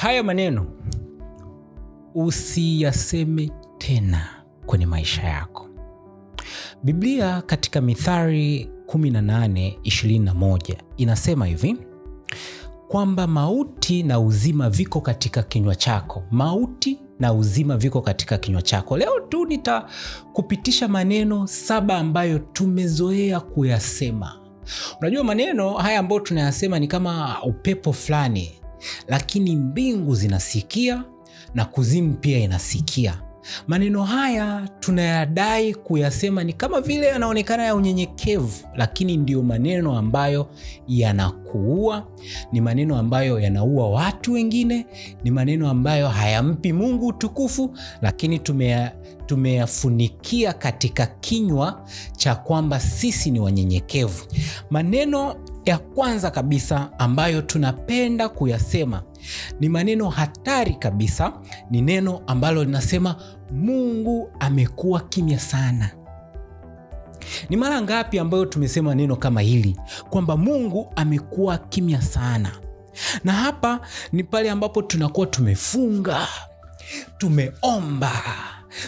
haya maneno usiyaseme tena kwenye maisha yako. Biblia katika mithari 18:21 inasema hivi kwamba mauti na uzima viko katika kinywa chako. Mauti na uzima viko katika kinywa chako. Leo tu nitakupitisha maneno saba ambayo tumezoea kuyasema. Unajua, maneno haya ambayo tunayasema ni kama upepo fulani lakini mbingu zinasikia na kuzimu pia inasikia. Maneno haya tunayadai kuyasema ni kama vile yanaonekana ya unyenyekevu, lakini ndiyo maneno ambayo yanakuua. Ni maneno ambayo yanaua watu wengine, ni maneno ambayo hayampi Mungu utukufu, lakini tumeya, tumeyafunikia katika kinywa cha kwamba sisi ni wanyenyekevu. Maneno ya kwanza kabisa ambayo tunapenda kuyasema ni maneno hatari kabisa, ni neno ambalo linasema Mungu amekuwa kimya sana. Ni mara ngapi ambayo tumesema neno kama hili kwamba Mungu amekuwa kimya sana? Na hapa ni pale ambapo tunakuwa tumefunga, tumeomba,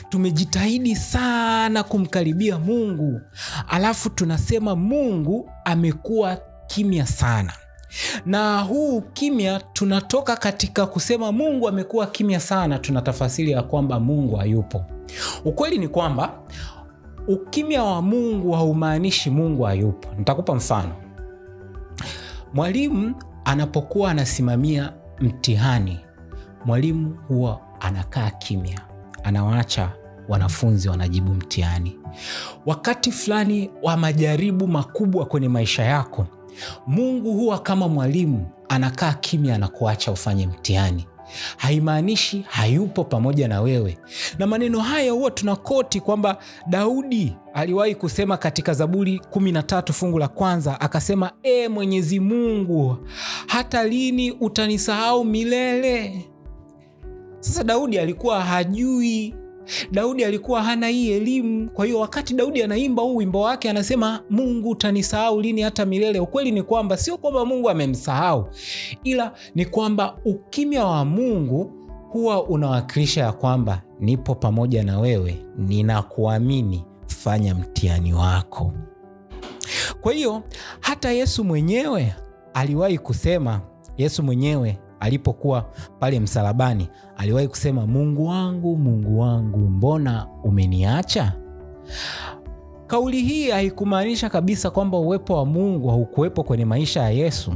tumejitahidi sana kumkaribia Mungu, alafu tunasema Mungu amekuwa kimya sana na huu kimya tunatoka katika kusema Mungu amekuwa kimya sana, tuna tafasili ya kwamba Mungu hayupo. Ukweli ni kwamba ukimya wa Mungu haumaanishi Mungu hayupo. Nitakupa mfano. Mwalimu anapokuwa anasimamia mtihani, mwalimu huwa anakaa kimya, anawaacha wanafunzi wanajibu mtihani. Wakati fulani wa majaribu makubwa kwenye maisha yako Mungu huwa kama mwalimu, anakaa kimya, anakuacha ufanye mtihani. Haimaanishi hayupo pamoja na wewe, na maneno haya huwa tunakoti kwamba Daudi aliwahi kusema katika Zaburi 13 fungu la kwanza akasema, E Mwenyezi Mungu, hata lini utanisahau milele? Sasa Daudi alikuwa hajui Daudi alikuwa hana hii elimu. Kwa hiyo wakati Daudi anaimba huu wimbo wake anasema, Mungu utanisahau lini hata milele? Ukweli ni kwamba sio kwamba Mungu amemsahau, ila ni kwamba ukimya wa Mungu huwa unawakilisha ya kwamba nipo pamoja na wewe, ninakuamini, fanya mtihani wako. Kwa hiyo hata Yesu mwenyewe aliwahi kusema, Yesu mwenyewe alipokuwa pale msalabani aliwahi kusema, Mungu wangu, Mungu wangu, mbona umeniacha? Kauli hii haikumaanisha kabisa kwamba uwepo wa Mungu haukuwepo kwenye maisha ya Yesu.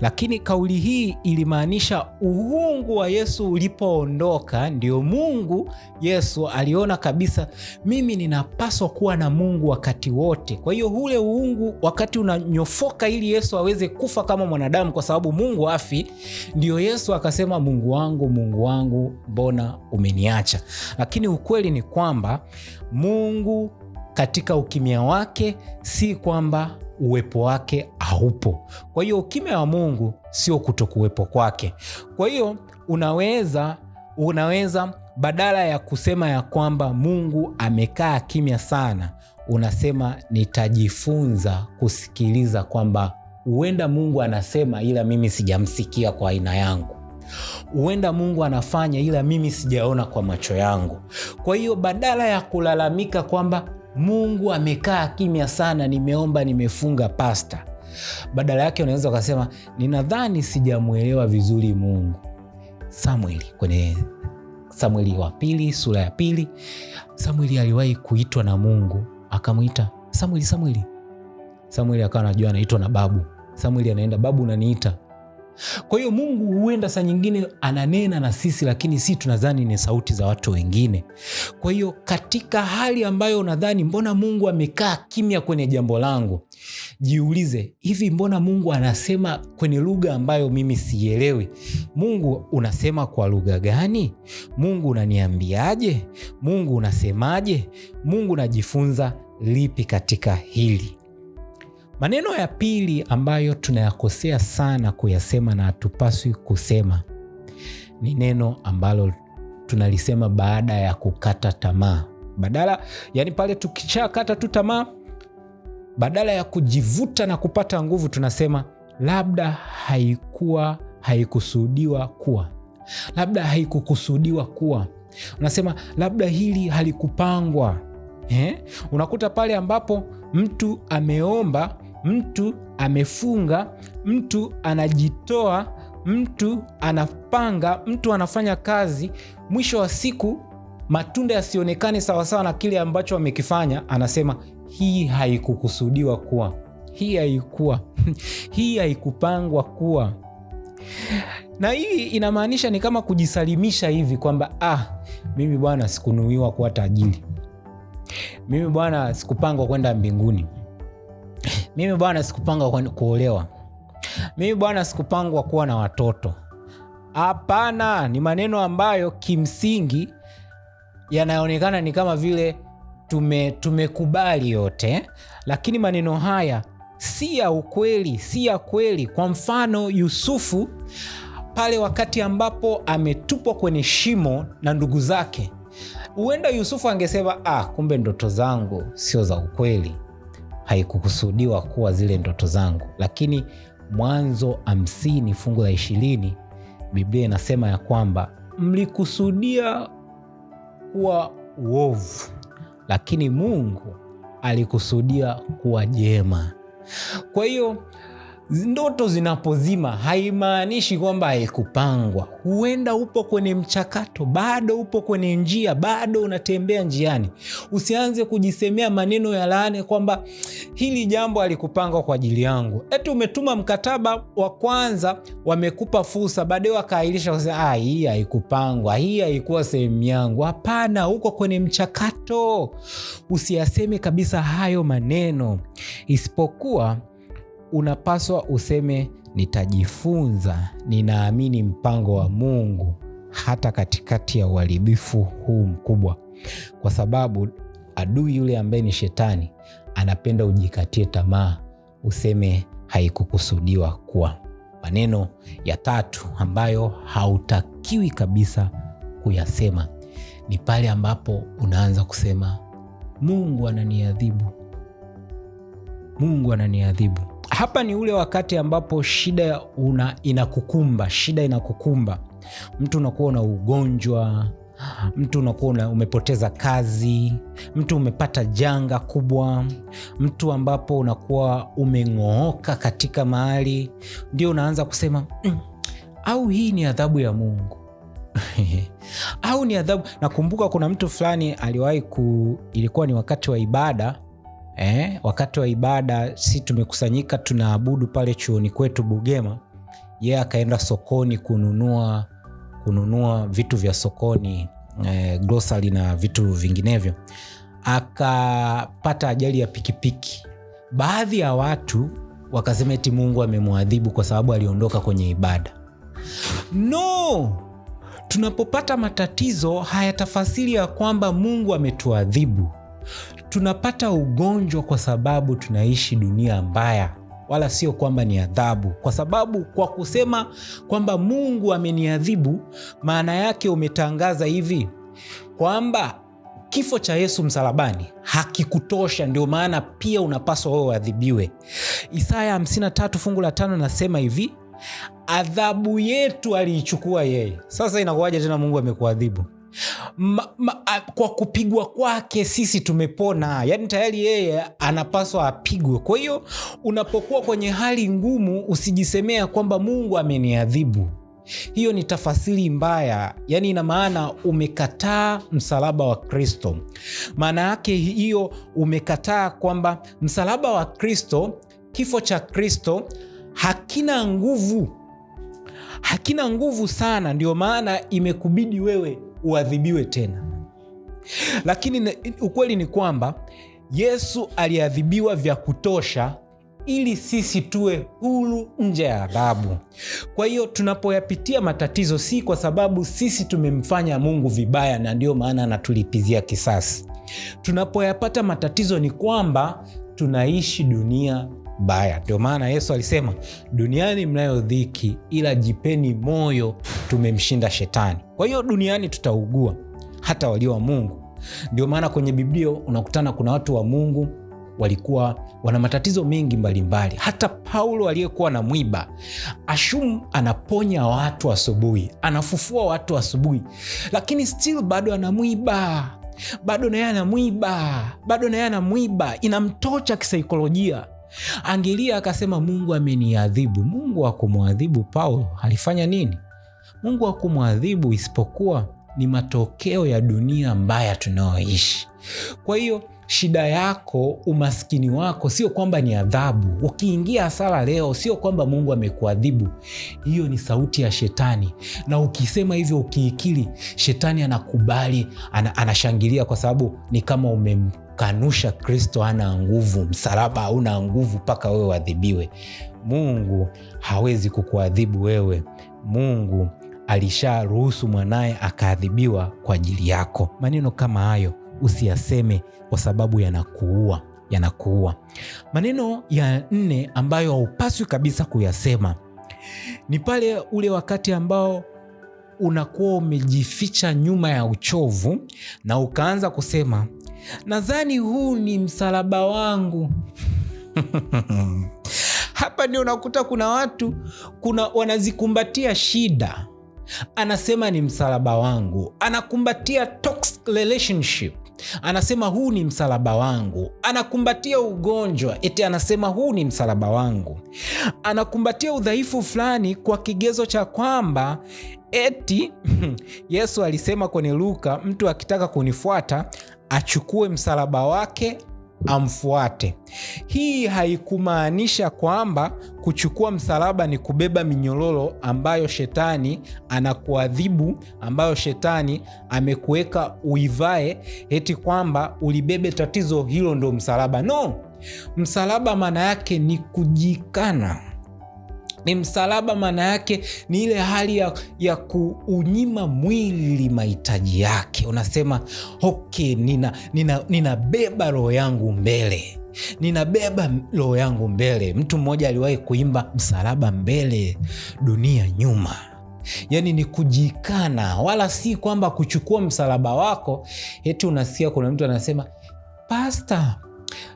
Lakini kauli hii ilimaanisha uungu wa Yesu ulipoondoka, ndio Mungu Yesu aliona kabisa, mimi ninapaswa kuwa na Mungu wakati wote. Kwa hiyo ule uungu wakati unanyofoka, ili Yesu aweze kufa kama mwanadamu, kwa sababu Mungu afi, ndio Yesu akasema, Mungu wangu, Mungu wangu, mbona umeniacha? Lakini ukweli ni kwamba Mungu katika ukimya wake si kwamba uwepo wake haupo. Kwa hiyo ukimya wa Mungu sio kutokuwepo kwake. Kwa hiyo unaweza unaweza badala ya kusema ya kwamba Mungu amekaa kimya sana, unasema nitajifunza kusikiliza, kwamba huenda Mungu anasema ila mimi sijamsikia kwa aina yangu, huenda Mungu anafanya ila mimi sijaona kwa macho yangu. Kwa hiyo badala ya kulalamika kwamba Mungu amekaa kimya sana, nimeomba, nimefunga pasta. Badala yake unaweza ukasema ninadhani sijamwelewa vizuri Mungu. Samueli kwenye Samueli wa pili sura ya pili, Samueli aliwahi kuitwa na Mungu akamwita Samueli, Samueli. Samueli akawa anajua anaitwa na babu. Samueli anaenda, babu unaniita kwa hiyo Mungu huenda saa nyingine ananena na sisi, lakini si tunadhani ni sauti za watu wengine. Kwa hiyo katika hali ambayo unadhani mbona Mungu amekaa kimya kwenye jambo langu, jiulize hivi, mbona Mungu anasema kwenye lugha ambayo mimi sielewi? Mungu unasema kwa lugha gani? Mungu unaniambiaje? Mungu unasemaje? Mungu najifunza lipi katika hili? Maneno ya pili ambayo tunayakosea sana kuyasema na hatupaswi kusema ni neno ambalo tunalisema baada ya kukata tamaa. Badala yani, pale tukishakata tu tamaa, badala ya kujivuta na kupata nguvu, tunasema labda haikuwa, haikusudiwa kuwa, labda haikukusudiwa kuwa, unasema labda hili halikupangwa. Eh? Unakuta pale ambapo mtu ameomba mtu amefunga, mtu anajitoa, mtu anapanga, mtu anafanya kazi, mwisho wa siku matunda yasionekane sawasawa na kile ambacho amekifanya, anasema hii haikukusudiwa kuwa, hii haikuwa hii haikupangwa kuwa. Na hii inamaanisha ni kama kujisalimisha hivi kwamba ah, mimi bwana sikunuiwa kuwa tajiri, mimi bwana sikupangwa kwenda mbinguni, mimi bwana sikupanga kuolewa, mimi bwana sikupangwa kuwa na watoto. Hapana, ni maneno ambayo kimsingi yanaonekana ni kama vile tume tumekubali yote, lakini maneno haya si ya ukweli, si ya kweli. Kwa mfano, Yusufu pale wakati ambapo ametupwa kwenye shimo na ndugu zake, huenda Yusufu angesema ah, kumbe ndoto zangu sio za ukweli haikukusudiwa kuwa zile ndoto zangu, lakini Mwanzo hamsini fungu la ishirini Biblia inasema ya kwamba mlikusudia kuwa uovu, lakini Mungu alikusudia kuwa jema. Kwa hiyo Ndoto zinapozima haimaanishi kwamba haikupangwa. Huenda upo kwenye mchakato, bado upo kwenye njia, bado unatembea njiani. Usianze kujisemea maneno ya laana kwamba hili jambo alikupangwa kwa ajili yangu. Eti umetuma mkataba wa kwanza, wamekupa fursa, baadaye wakaahirisha ah, hii haikupangwa, hii haikuwa sehemu yangu. Hapana, uko kwenye mchakato. Usiyaseme kabisa hayo maneno, isipokuwa unapaswa useme nitajifunza, ninaamini mpango wa Mungu hata katikati ya uharibifu huu mkubwa, kwa sababu adui yule ambaye ni shetani anapenda ujikatie tamaa, useme haikukusudiwa kuwa. Maneno ya tatu ambayo hautakiwi kabisa kuyasema ni pale ambapo unaanza kusema Mungu ananiadhibu, Mungu ananiadhibu hapa ni ule wakati ambapo shida una, inakukumba shida inakukumba, mtu unakuwa una ugonjwa, mtu unakuwa umepoteza kazi, mtu umepata janga kubwa, mtu ambapo unakuwa umeng'ooka katika mahali, ndio unaanza kusema mm, au hii ni adhabu ya Mungu au ni adhabu. Nakumbuka kuna mtu fulani aliwahi ku, ilikuwa ni wakati wa ibada eh, wakati wa ibada si tumekusanyika tunaabudu pale chuoni kwetu Bugema, ye yeah, akaenda sokoni kununua kununua vitu vya sokoni eh, grocery na vitu vinginevyo, akapata ajali ya pikipiki. Baadhi ya watu wakasema eti Mungu amemwadhibu kwa sababu aliondoka kwenye ibada. No, tunapopata matatizo hayatafasiri ya kwamba Mungu ametuadhibu tunapata ugonjwa kwa sababu tunaishi dunia mbaya, wala sio kwamba ni adhabu, kwa sababu kwa kusema kwamba Mungu ameniadhibu, maana yake umetangaza hivi kwamba kifo cha Yesu msalabani hakikutosha, ndio maana pia unapaswa wewe uadhibiwe. Isaya 53 fungu la tano nasema hivi, adhabu yetu aliichukua yeye. Sasa inakuwaje tena Mungu amekuadhibu? ma, ma, kwa kupigwa kwake sisi tumepona. Yani tayari yeye anapaswa apigwe. Kwa hiyo unapokuwa kwenye hali ngumu, usijisemea kwamba Mungu ameniadhibu. Hiyo ni tafasiri mbaya, yani ina maana umekataa msalaba wa Kristo. Maana yake hiyo umekataa kwamba msalaba wa Kristo, kifo cha Kristo hakina nguvu, hakina nguvu sana, ndio maana imekubidi wewe uadhibiwe tena. Lakini ukweli ni kwamba Yesu aliadhibiwa vya kutosha ili sisi tuwe huru nje ya adhabu. Kwa hiyo tunapoyapitia matatizo, si kwa sababu sisi tumemfanya Mungu vibaya na ndiyo maana anatulipizia kisasi. Tunapoyapata matatizo ni kwamba tunaishi dunia baya. Ndio maana Yesu alisema, duniani mnayo dhiki, ila jipeni moyo, tumemshinda Shetani. Kwa hiyo duniani tutaugua, hata walio wa Mungu. Ndio maana kwenye Biblia unakutana kuna watu wa Mungu walikuwa wana matatizo mengi mbalimbali mbali. Hata Paulo aliyekuwa na mwiba ashum, anaponya watu asubuhi, anafufua watu asubuhi, lakini still bado ana mwiba, bado naye ana mwiba, bado naye ana mwiba. Inamtocha kisaikolojia. Angilia akasema Mungu ameniadhibu. Mungu hakumwadhibu Paulo, alifanya nini? Mungu hakumwadhibu isipokuwa ni matokeo ya dunia mbaya tunayoishi. Kwa hiyo shida yako, umaskini wako sio kwamba ni adhabu. Ukiingia hasara leo, sio kwamba Mungu amekuadhibu. Hiyo ni sauti ya Shetani, na ukisema hivyo, ukiikili Shetani anakubali, anashangilia, kwa sababu ni kama umem kukanusha Kristo hana nguvu, msalaba hauna nguvu mpaka wewe uadhibiwe. Mungu hawezi kukuadhibu wewe. Mungu alisharuhusu mwanaye akaadhibiwa kwa ajili yako. Maneno kama hayo usiyaseme kwa sababu yanakuua, yanakuua. Maneno ya nne ambayo haupaswi kabisa kuyasema ni pale ule wakati ambao unakuwa umejificha nyuma ya uchovu na ukaanza kusema nadhani huu ni msalaba wangu. Hapa ndio unakuta kuna watu kuna wanazikumbatia shida, anasema ni msalaba wangu, anakumbatia toxic relationship anasema huu ni msalaba wangu, anakumbatia ugonjwa eti anasema huu ni msalaba wangu, anakumbatia udhaifu fulani kwa kigezo cha kwamba eti Yesu alisema kwenye Luka, mtu akitaka kunifuata achukue msalaba wake amfuate. Hii haikumaanisha kwamba kuchukua msalaba ni kubeba minyororo ambayo shetani anakuadhibu, ambayo shetani amekuweka uivae, eti kwamba ulibebe tatizo hilo ndo msalaba. No, msalaba maana yake ni kujikana ni msalaba, maana yake ni ile hali ya, ya kuunyima mwili mahitaji yake. Unasema ok ninabeba nina, nina roho yangu mbele ninabeba roho yangu mbele. Mtu mmoja aliwahi kuimba msalaba mbele, dunia nyuma. Yaani ni kujikana, wala si kwamba kuchukua msalaba wako. heti unasikia kuna mtu anasema pasta,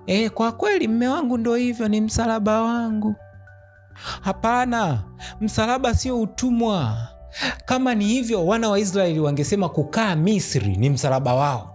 e, eh, kwa kweli mme wangu ndo hivyo, ni msalaba wangu. Hapana, msalaba sio utumwa. Kama ni hivyo, wana wa Israeli wangesema kukaa Misri ni msalaba wao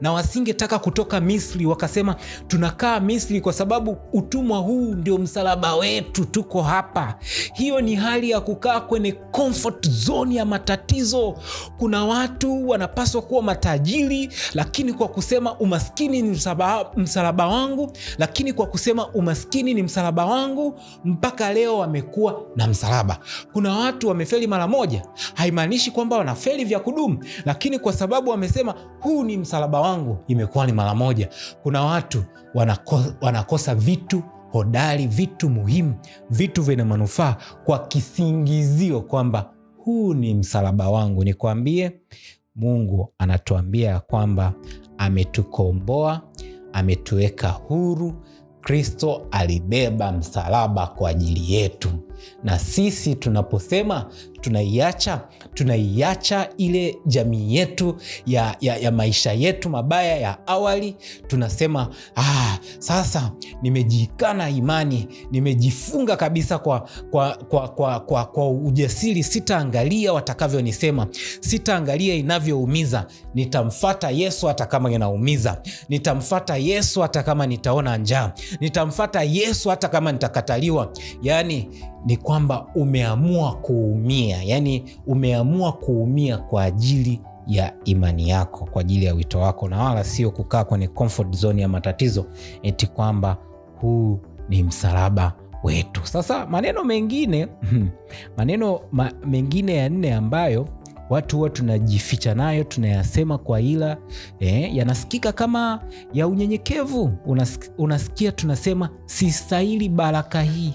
na wasingetaka kutoka Misri, wakasema tunakaa Misri kwa sababu utumwa huu ndio msalaba wetu, tuko hapa. Hiyo ni hali ya kukaa kwenye comfort zone ya matatizo. Kuna watu wanapaswa kuwa matajiri, lakini kwa kusema umaskini ni msalaba, msalaba wangu, lakini kwa kusema umaskini ni msalaba wangu, mpaka leo wamekuwa na msalaba. Kuna watu wamefeli mara moja, haimaanishi kwamba wanafeli vya kudumu, lakini kwa sababu wamesema huu ni msalaba uhaba wangu imekuwa ni mara moja. Kuna watu wanakosa, wanakosa vitu hodari, vitu muhimu, vitu vyenye manufaa kwa kisingizio kwamba huu ni msalaba wangu. Nikwambie, Mungu anatuambia ya kwamba ametukomboa, ametuweka huru. Kristo alibeba msalaba kwa ajili yetu. Na sisi tunaposema tunaiacha, tunaiacha ile jamii yetu ya, ya, ya maisha yetu mabaya ya awali. Tunasema ah, sasa nimejiikana imani, nimejifunga kabisa kwa, kwa, kwa, kwa, kwa, kwa ujasiri. Sitaangalia watakavyonisema, sitaangalia inavyoumiza. Nitamfata Yesu hata kama inaumiza, nitamfata Yesu hata kama nitaona njaa, nitamfata Yesu hata kama nitakataliwa. Yani ni kwamba umeamua kuumia, yani umeamua kuumia kwa ajili ya imani yako, kwa ajili ya wito wako, na wala sio kukaa kwenye comfort zone ya matatizo, eti kwamba huu ni msalaba wetu. Sasa maneno mengine maneno ma, mengine ya nne ambayo watu huwa tunajificha nayo tunayasema kwa ila eh, yanasikika kama ya unyenyekevu. unasikia tunasema sistahili baraka hii,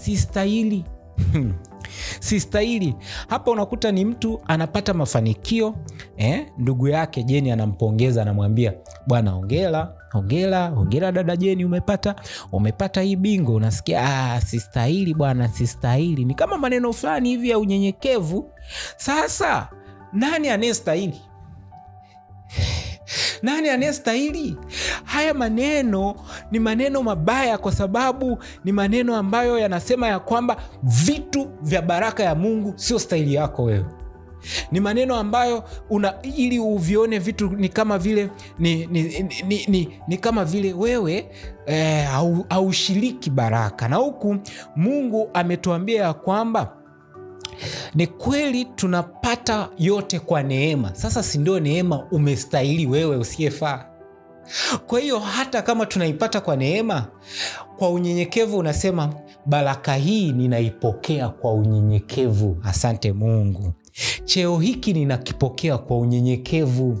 sistahili hmm. sistahili. Hapa unakuta ni mtu anapata mafanikio eh, ndugu yake Jeni anampongeza, anamwambia bwana, ongela ongela ongela dada Jeni, umepata umepata hii bingo. Unasikia ah, sistahili bwana, sistahili. Ni kama maneno fulani hivi ya unyenyekevu. Sasa nani anayestahili? Nani anayestahili? Haya maneno ni maneno mabaya, kwa sababu ni maneno ambayo yanasema ya kwamba vitu vya baraka ya Mungu sio stahili yako wewe. Ni maneno ambayo una ili uvione vitu ni kama vile ni, ni, ni, ni, ni, kama vile wewe eh, haushiriki baraka, na huku Mungu ametuambia ya kwamba ni kweli tunapata yote kwa neema. Sasa si ndio neema umestahili wewe usiyefaa? Kwa hiyo hata kama tunaipata kwa neema, kwa unyenyekevu unasema baraka hii ninaipokea kwa unyenyekevu. Asante Mungu. Cheo hiki ninakipokea kwa unyenyekevu.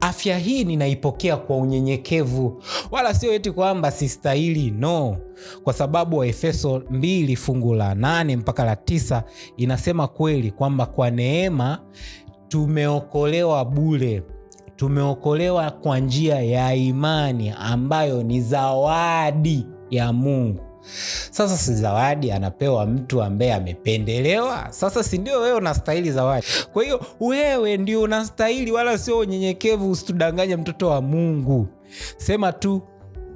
Afya hii ninaipokea kwa unyenyekevu, wala sio eti kwamba sistahili, no, kwa sababu Waefeso 2 fungu la 8 mpaka la tisa inasema kweli kwamba kwa neema tumeokolewa bure tumeokolewa kwa njia ya imani ambayo ni zawadi ya Mungu. Sasa si zawadi anapewa mtu ambaye amependelewa. Sasa si ndio wewe unastahili zawadi? Kwa hiyo wewe ndio unastahili, wala sio unyenyekevu. Usitudanganye mtoto wa Mungu, sema tu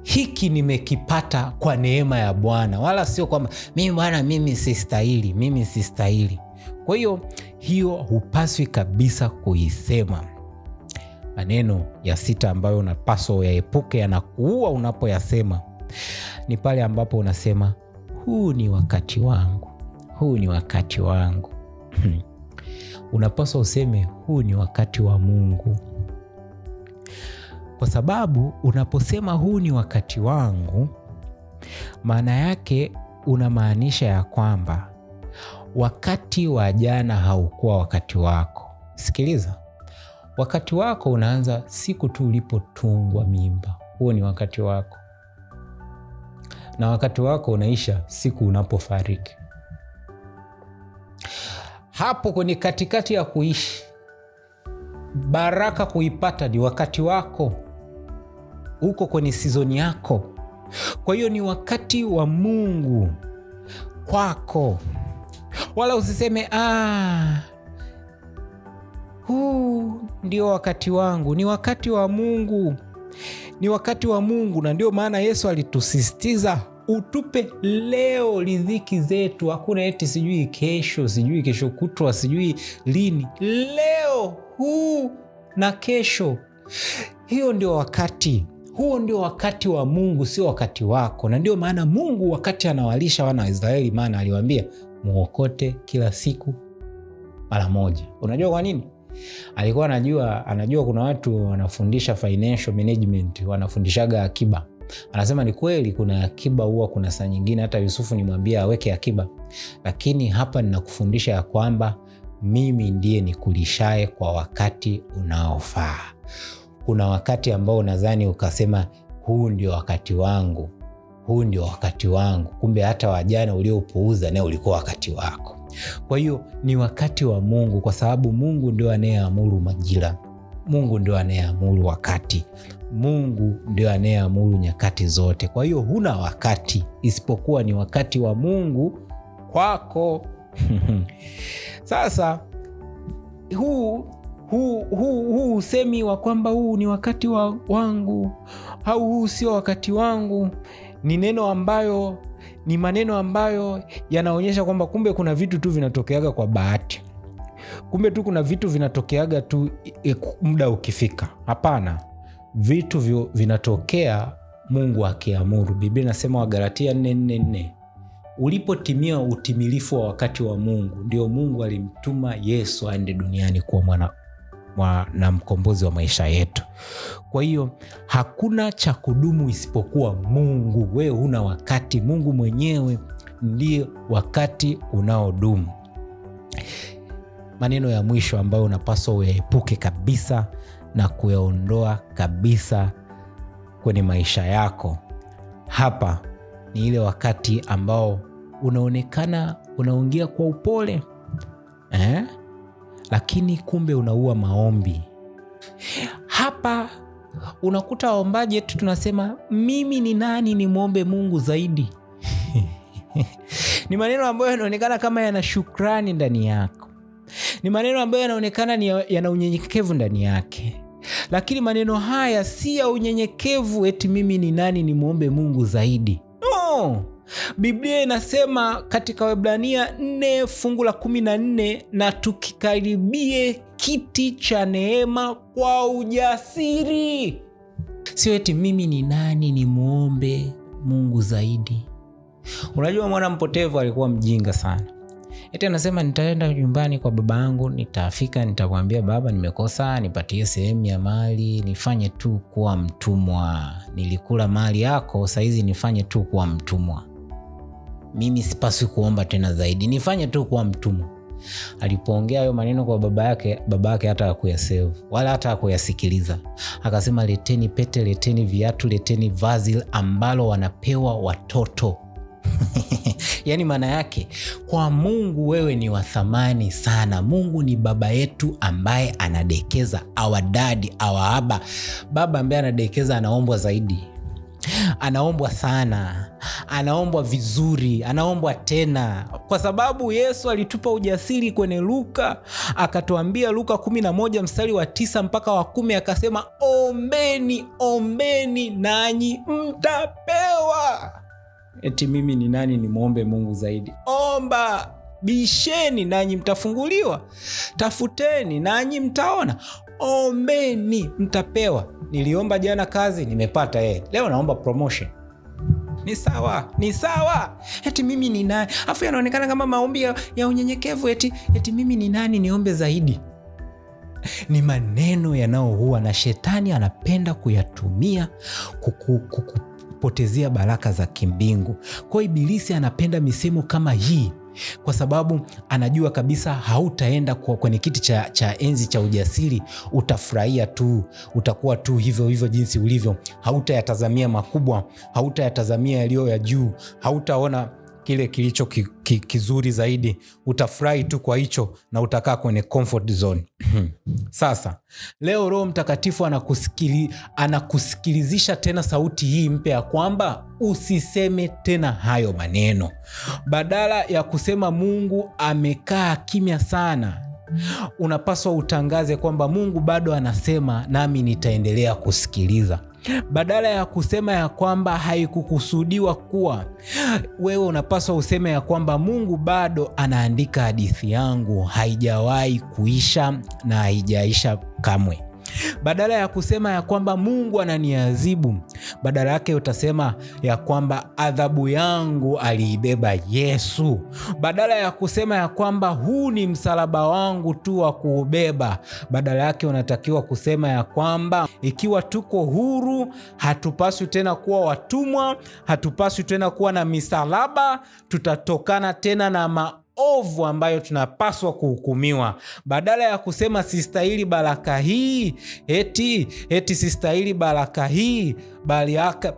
hiki nimekipata kwa neema ya Bwana, wala sio kwamba mimi bwana, mimi sistahili, mimi sistahili. Kwa hiyo hiyo hupaswi kabisa kuisema. Maneno ya sita ambayo unapaswa uyaepuke, yanakuua unapoyasema ni pale ambapo unasema huu ni wakati wangu, huu ni wakati wangu. Hmm. Unapaswa useme huu ni wakati wa Mungu, kwa sababu unaposema huu ni wakati wangu, maana yake unamaanisha ya kwamba wakati wa jana haukuwa wakati wako. Sikiliza, wakati wako unaanza siku tu ulipotungwa mimba. Huo ni wakati wako na wakati wako unaisha siku unapofariki. Hapo kwenye katikati ya kuishi, baraka kuipata ni wakati wako, uko kwenye sizoni yako. Kwa hiyo ni wakati wa Mungu kwako, wala usiseme ah, huu ndio wakati wangu. Ni wakati wa Mungu ni wakati wa Mungu, na ndio maana Yesu alitusisitiza utupe leo riziki zetu. Hakuna eti sijui kesho, sijui kesho kutwa, sijui lini. Leo huu na kesho, hiyo ndio wakati huo ndio wakati wa Mungu, sio wakati wako. Na ndio maana Mungu wakati anawalisha wana wa Israeli, maana aliwaambia muokote kila siku mara moja. Unajua kwa nini? Alikuwa anajua, anajua kuna watu wanafundisha financial management, wanafundishaga akiba. Anasema ni kweli kuna akiba, huwa kuna saa nyingine hata Yusufu nimwambia aweke akiba, lakini hapa ninakufundisha ya kwamba mimi ndiye nikulishaye kwa wakati unaofaa. Kuna wakati ambao unadhani ukasema huu ndio wakati wangu, huu ndio wakati wangu, kumbe hata wajana uliopuuza naye ulikuwa wakati wako. Kwa hiyo ni wakati wa Mungu, kwa sababu Mungu ndio anayeamuru majira, Mungu ndio anayeamuru wakati, Mungu ndio anayeamuru nyakati zote. Kwa hiyo huna wakati isipokuwa ni wakati wa Mungu kwako. Sasa huu huu usemi wa kwamba huu ni wakati wa wangu au huu sio wakati wangu ni neno ambayo ni maneno ambayo yanaonyesha kwamba kumbe kuna vitu tu vinatokeaga kwa bahati, kumbe tu kuna vitu vinatokeaga tu e, muda ukifika. Hapana, vitu vyo, vinatokea Mungu akiamuru. Biblia inasema Wagalatia 4:4 ulipotimia utimilifu wa wakati wa Mungu, ndio Mungu alimtuma Yesu aende duniani kuwa mwana mwa, na mkombozi wa maisha yetu. Kwa hiyo hakuna cha kudumu isipokuwa Mungu. Wewe huna wakati, Mungu mwenyewe ndiye wakati unaodumu. Maneno ya mwisho ambayo unapaswa uyaepuke kabisa na kuyaondoa kabisa kwenye maisha yako hapa ni ile wakati ambao unaonekana unaongea kwa upole eh? lakini kumbe unaua maombi. Hapa unakuta waombaji wetu tunasema mimi ni nani nimwombe Mungu zaidi? ni maneno ambayo yanaonekana kama yana shukrani ndani yako, ni maneno ambayo yanaonekana ni yana unyenyekevu ndani yake, lakini maneno haya si ya unyenyekevu eti mimi ni nani nimwombe Mungu zaidi. No! Biblia inasema katika Waebrania 4 fungu la 14, na tukikaribie kiti cha neema kwa ujasiri. Sio eti mimi ni nani nimwombe Mungu zaidi. Unajua, mwana mpotevu alikuwa mjinga sana, eti anasema nitaenda nyumbani kwa baba yangu, nitafika, nitamwambia baba, nimekosa, nipatie sehemu ya mali, nifanye tu kuwa mtumwa. Nilikula mali yako, saizi nifanye tu kuwa mtumwa mimi sipaswi kuomba tena zaidi, nifanye tu kuwa mtumwa. Alipoongea hayo maneno kwa baba yake, baba yake hata hakuyasevu wala hata hakuyasikiliza. Akasema, leteni pete, leteni viatu, leteni vazi ambalo wanapewa watoto Yaani, maana yake kwa Mungu wewe ni wa thamani sana. Mungu ni baba yetu ambaye anadekeza, awadadi awaaba, baba ambaye anadekeza anaombwa zaidi anaombwa sana, anaombwa vizuri, anaombwa tena, kwa sababu Yesu alitupa ujasiri kwenye Luka, akatuambia Luka 11 mstari wa tisa mpaka wa kumi, akasema ombeni, ombeni nanyi mtapewa. Eti mimi ni nani nimwombe Mungu zaidi? Omba, bisheni nanyi mtafunguliwa, tafuteni nanyi mtaona, ombeni mtapewa niliomba jana kazi nimepata, yeye leo naomba promotion. Ni sawa, ni sawa. Eti mimi ni nani? Afu yanaonekana kama maombi ya, ya unyenyekevu eti, eti mimi ni nani niombe zaidi? Ni maneno yanayoua, na shetani anapenda kuyatumia kuku, kukupotezea baraka za kimbingu. Kwa Ibilisi anapenda misemo kama hii kwa sababu anajua kabisa hautaenda kwenye kiti cha, cha enzi cha ujasiri. Utafurahia tu, utakuwa tu hivyo hivyo jinsi ulivyo. Hautayatazamia makubwa, hautayatazamia yaliyo ya juu, hautaona kile kilicho ki, ki, kizuri zaidi. Utafurahi tu kwa hicho na utakaa kwenye comfort zone. Sasa leo Roho Mtakatifu anakusikili, anakusikilizisha tena sauti hii mpya ya kwamba usiseme tena hayo maneno. Badala ya kusema Mungu amekaa kimya sana, unapaswa utangaze kwamba Mungu bado anasema, nami nitaendelea kusikiliza badala ya kusema ya kwamba haikukusudiwa kuwa wewe, unapaswa useme ya kwamba Mungu bado anaandika hadithi yangu, haijawahi kuisha na haijaisha kamwe. Badala ya kusema ya kwamba Mungu ananiadhibu, badala yake utasema ya kwamba adhabu yangu aliibeba Yesu. Badala ya kusema ya kwamba huu ni msalaba wangu tu wa kuubeba, badala yake unatakiwa kusema ya kwamba ikiwa tuko huru, hatupaswi tena kuwa watumwa, hatupaswi tena kuwa na misalaba, tutatokana tena na ma ovu ambayo tunapaswa kuhukumiwa, badala ya kusema sistahili baraka hii, eti eti sistahili baraka hii,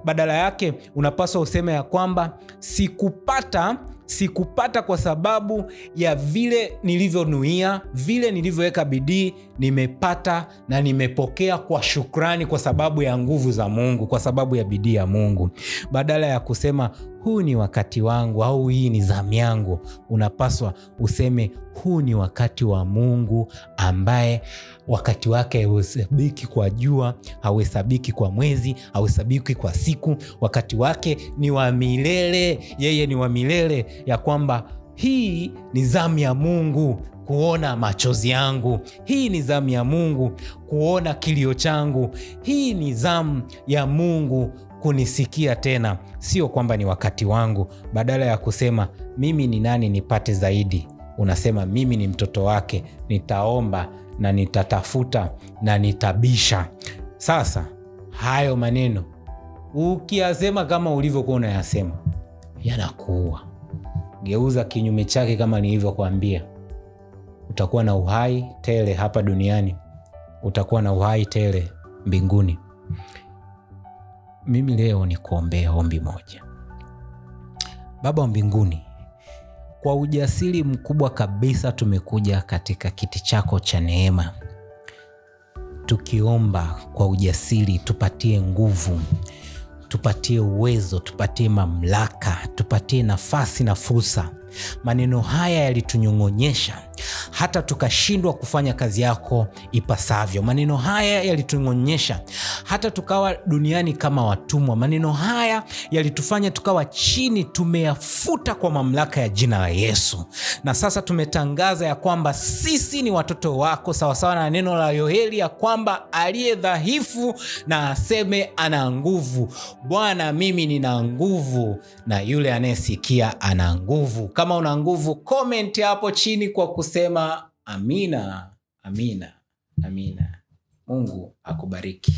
badala yake unapaswa useme ya kwamba sikupata sikupata kwa sababu ya vile nilivyonuia, vile nilivyoweka bidii, nimepata na nimepokea kwa shukrani, kwa sababu ya nguvu za Mungu, kwa sababu ya bidii ya Mungu, badala ya kusema huu ni wakati wangu au hii ni zamu yangu. Unapaswa useme huu ni wakati wa Mungu ambaye wakati wake hauhesabiki kwa jua, hauhesabiki kwa mwezi, hauhesabiki kwa siku. Wakati wake ni wa milele, yeye ni wa milele, ya kwamba hii ni zamu ya Mungu kuona machozi yangu. Hii ni zamu ya Mungu kuona kilio changu. Hii ni zamu ya Mungu kunisikia tena, sio kwamba ni wakati wangu. Badala ya kusema mimi ni nani nipate zaidi, unasema mimi ni mtoto wake, nitaomba na nitatafuta na nitabisha. Sasa hayo maneno ukiyasema kama ulivyokuwa unayasema yanakuua. Geuza kinyume chake kama nilivyokuambia, utakuwa na uhai tele hapa duniani, utakuwa na uhai tele mbinguni mimi leo ni kuombea ombi moja. Baba wa mbinguni, kwa ujasiri mkubwa kabisa tumekuja katika kiti chako cha neema, tukiomba kwa ujasiri, tupatie nguvu, tupatie uwezo, tupatie mamlaka, tupatie nafasi na fursa. Maneno haya yalitunyong'onyesha hata tukashindwa kufanya kazi yako ipasavyo. Maneno haya yalituonyesha hata tukawa duniani kama watumwa. Maneno haya yalitufanya tukawa chini, tumeyafuta kwa mamlaka ya jina la Yesu, na sasa tumetangaza ya kwamba sisi ni watoto wako, sawasawa na neno la Yoeli ya kwamba aliye dhaifu na aseme ana nguvu. Bwana, mimi nina nguvu, na yule anayesikia ana nguvu. Kama una nguvu, comment hapo chini kwa kus kusema amina, amina, amina. Mungu akubariki.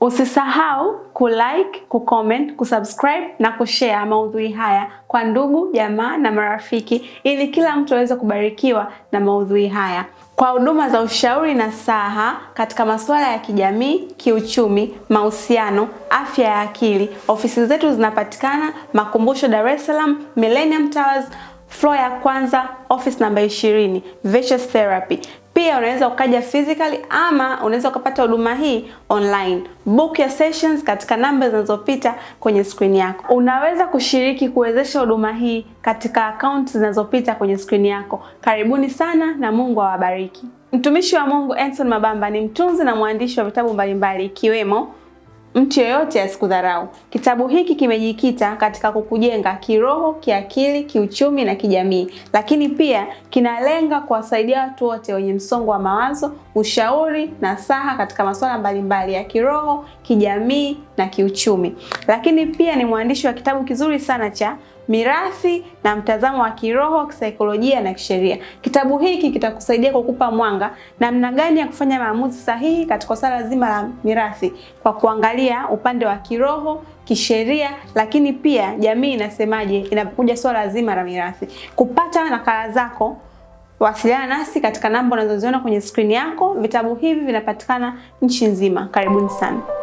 Usisahau kulike, kucomment, kusubscribe na kushare maudhui haya kwa ndugu, jamaa na marafiki ili kila mtu aweze kubarikiwa na maudhui haya. Kwa huduma za ushauri na saha katika masuala ya kijamii, kiuchumi, mahusiano, afya ya akili, ofisi zetu zinapatikana Makumbusho, Dar es Salaam, Millennium Towers floor ya kwanza office namba 20 Vicious Therapy. Pia unaweza ukaja physically ama unaweza ukapata huduma hii online. Book your sessions katika namba zinazopita kwenye screen yako. Unaweza kushiriki kuwezesha huduma hii katika akaunti zinazopita kwenye screen yako. Karibuni sana na Mungu awabariki. Mtumishi wa Mungu Anson Mabamba ni mtunzi na mwandishi wa vitabu mbalimbali ikiwemo Mtu yeyote asikudharau. Kitabu hiki kimejikita katika kukujenga kiroho, kiakili, kiuchumi na kijamii, lakini pia kinalenga kuwasaidia watu wote wenye msongo wa mawazo, ushauri na saha katika masuala mbalimbali ya kiroho, kijamii na kiuchumi. Lakini pia ni mwandishi wa kitabu kizuri sana cha mirathi na mtazamo wa kiroho, kisaikolojia na kisheria. Kitabu hiki kitakusaidia kukupa mwanga namna gani ya kufanya maamuzi sahihi katika swala zima la mirathi kwa kuangalia upande wa kiroho, kisheria, lakini pia jamii inasemaje inapokuja swala zima la mirathi. Kupata nakala zako Wasiliana nasi katika namba unazoziona kwenye skrini yako. Vitabu hivi vinapatikana nchi nzima. Karibuni sana.